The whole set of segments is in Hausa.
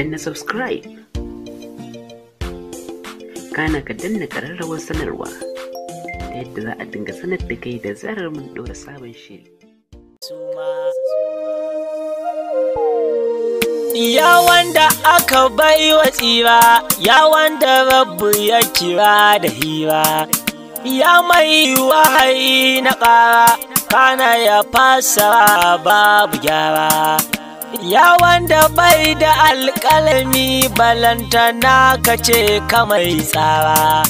danna subscribe kana ka danna ƙararrawar sanarwa ta yadda za a dinga sanar da kai da zarar mun ɗora sabon shiri Ya wanda aka bai wa tsira, ya wanda rabu ya kira da hira, ya mai wahayi na ƙara, kana ya fasa babu gyara. ya wanda bai da alƙalami balantana ka ce kamai tsara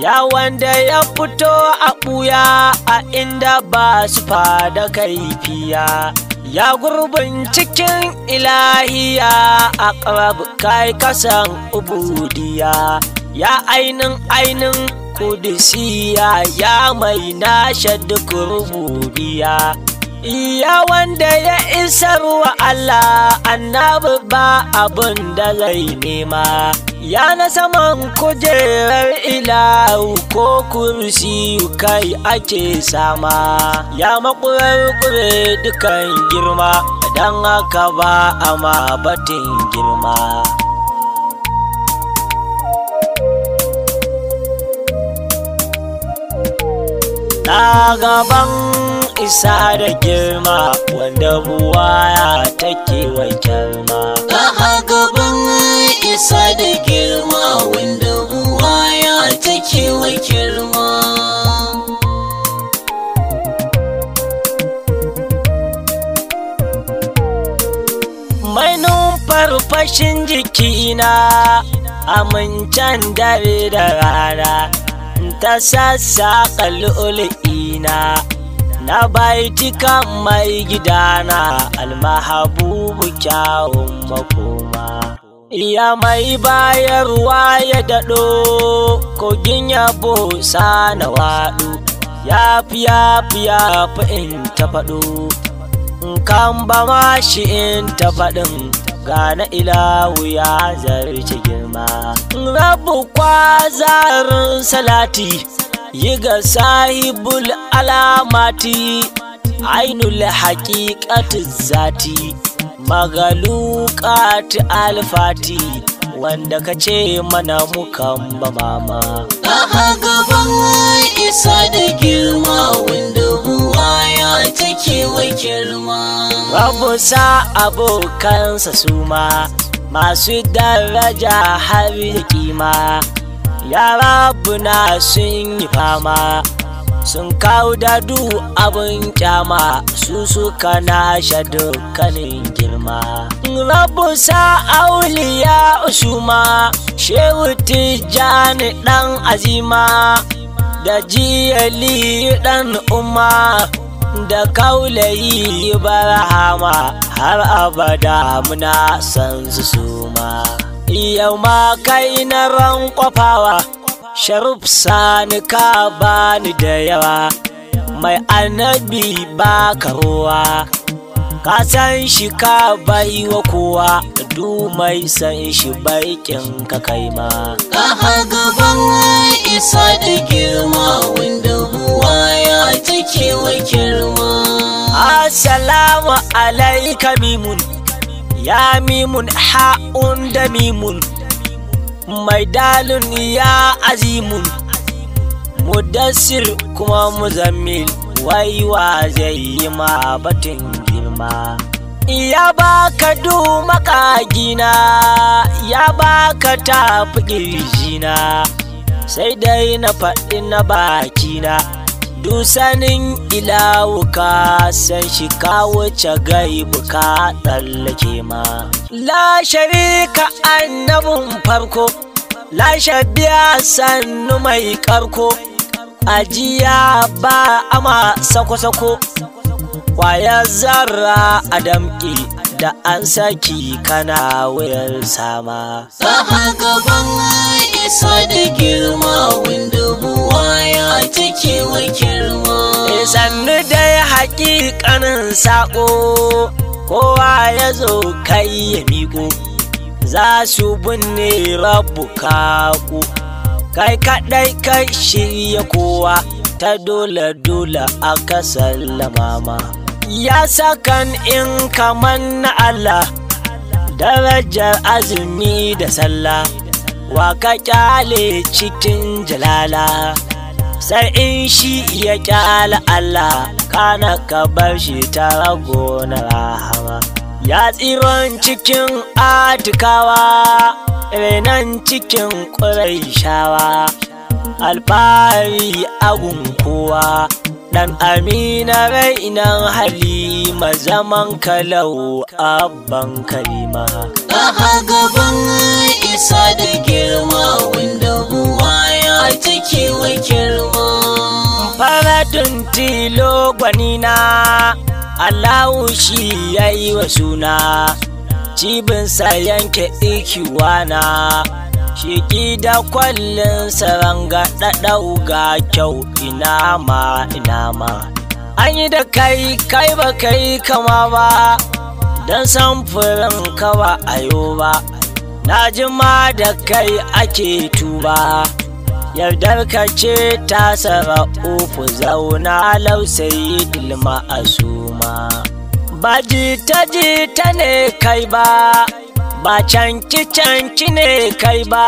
ya wanda ya fito a ɓuya a inda ba su fada kaifiya ya gurbin cikin ilahiya a ƙarab kai kasan ubudiya ya ainin ainin kudisiya ya mai nashe duk rububiya ya wanda ya isar wa Allah annabi ba abun da zai nema ya na saman kujerar ila. ko kursi kai ake sama ya makurar kure dukan girma dan haka ba a mabatin girma na gaban isa da girma wanda buwaya take wa kyalma a gaban isa da girma wanda buwaya take wa kyalma mainun farfashin jikina mancan dare da rana ta sassa ƙal'ul'ina na baitukan mai gidana almahabubu kyawun makoma iya mai bayarwa ya daɗo kogin yabo sana waɗo ya fi ya fi ya fi in ta faɗo kan ba ma shi in ta faɗin gane ilahu ya zarce girma rabu kwa zarin salati yi ga sahibul alamati ainul haƙiƙati zati magaluƙati alfati wanda ka ce mana mukan ba mama a gaban isa da girma wanda buwaya take wa girma sa abokansa su ma masu daraja har da kima yara buna sun yi fama sun kawo dadu abin kyama su suka sha dukkanin girma rabu auliya usuma shehu tijjani dan azima da jiyali dan umma da kaulayi barhama har abada muna san su suma yau ma kai na ran kwafawa sharif sani ka bani da yawa mai annabi ba ruwa ka san shi ka bai wa kowa du mai san shi baikin ka kai ma ka gaban isa da girma wanda buwa ya take wa girma assalamu alaika mimun ya mimun ha'un da mimun mai dalin ya azimun mudassir kuma muzammil wai wa zai yi ma batun girma ya baka du makagina ya baka tafi ƙirjina sai dai na faɗi na bakina dusanin ilawuka san shi ka wuce gaibu ka tsallake ma la sharika annabin farko la shabiya sannu mai karko ajiya ba ama sako-sako kwaya zarra a damƙi da an saki kana wuyar sama saha gaban isa da girma wanda buwa ya take wakil kanin sako kowa ya zo kai ya miko za su binne rabu kaku kai kadai kai shirya kowa ta dole dole a sallama lamama. ya sakan in kaman na Allah darajar azumi da sallah wa ka kyale cikin jalala sai in shi ya ƙyala Allah kana ka bar shi ta gona rahama ya tsiron cikin atikawa renan cikin ƙurai shawa alfahari agun kowa Dan amina rainan halima zaman kalau abban kalima. Aha gaban isa da tilo gwanina Allahu shi ya yi wa suna cibinsa yanke ikiwana Shiƙi da kwallon saranga ɗaɗau ga kyau ina ma ina ma an yi da kai kai ba kai kama ba don samfurin kawa ayoba, ba na jima da kai ake tuba yardar ka ce ta sara uku zauna lausayi dilma a suma ba jita jita ne kai ba ba canki canki ne kai ba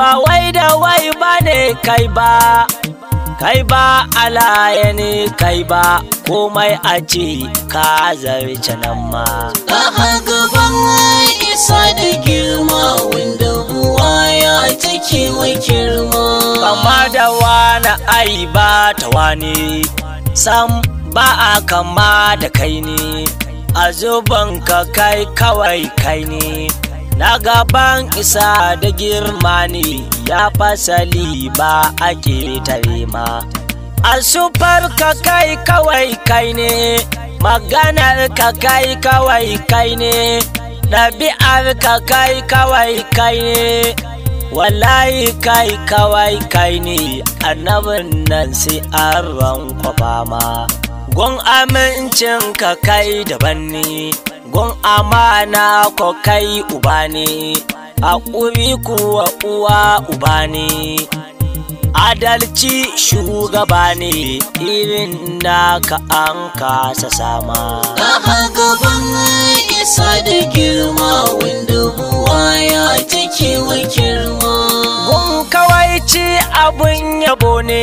ba wai da wai ba ne kai ba kai ba alaye ne kai ba komai a ce ka zarce nan ma. gaban isa da girma wanda ce mai girma kama da wani ai ba ta wani sam ba a kama da kai ne a zuban ka kai kawai kai ne na gaban isa da girma ne ya fasali ba a tare ma a sufar ka kai kawai kai ne maganar ka kai kawai kai ne ɗabi'ar ka kai kawai kai ne wallahi kai kawai kai ne annabin nan sai an rankwafa ma gun ka kai daban ne gun amana ko kai uba ne haƙuri kuwa uwa uba ne adalci shugaba ne irin da ka an kasa sama a gaban isa da girma wanda ya take wa girma mun kawai ci abun yabo ne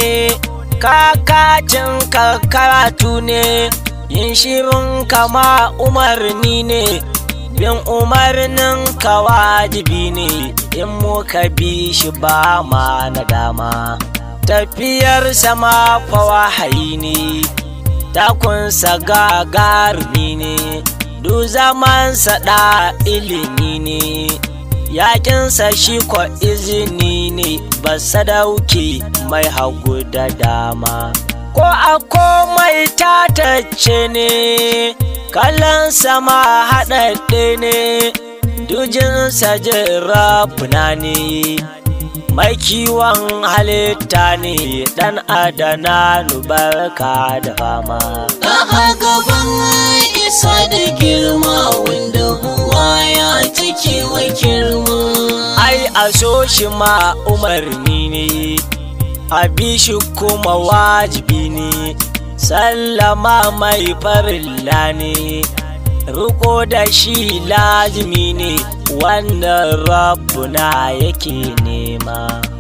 kakacin karatu ne yin shirin kama umarni ne bin umarnin ka wajibi ne in muka bi shi ba ma dama tafiyar sama fa wahayi ne takunsa gagarumi ne duk zamansa da ilimi ne yakinsa shi ko izini ne ba sadauki mai hagu da dama ko a komai ne kallon sama haɗaɗɗe ne dujin sajin rafuna ne mai kiwon halitta ne ɗan adana nubarka da fama haka gaban isa da girma wanda huwa ya take wa girma ai a so shi ma umarni ne a bi shi kuma wajibi ne sallama mai farilla ne riko da shi lazimi ne wannan rabbuna yake nema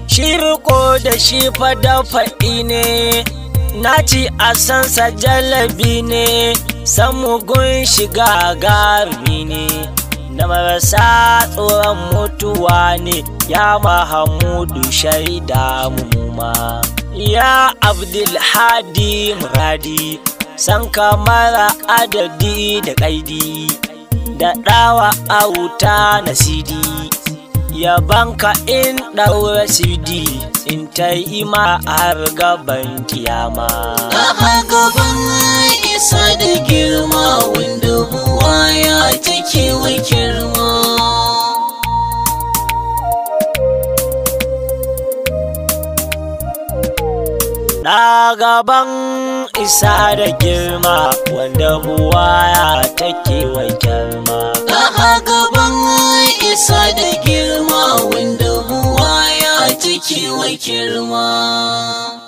shi riko da shi fada faɗi ne naci a sansa jalabi ne san mugun shiga garbi ne na marasa tsoron mutuwa ne ya mahamudu shaida mu ma ya abdulhadi muradi san kamara adadi da ƙaidi da ɗawa auta na sidi ya banka in ɗaura sidi in ta yi ma har gaban kiyama a gaban isa da girma wanda buwa ya take wa girma na gaban isa da girma wanda buwaya take wa girma na gaban isa da girma wanda buwaya take wa girma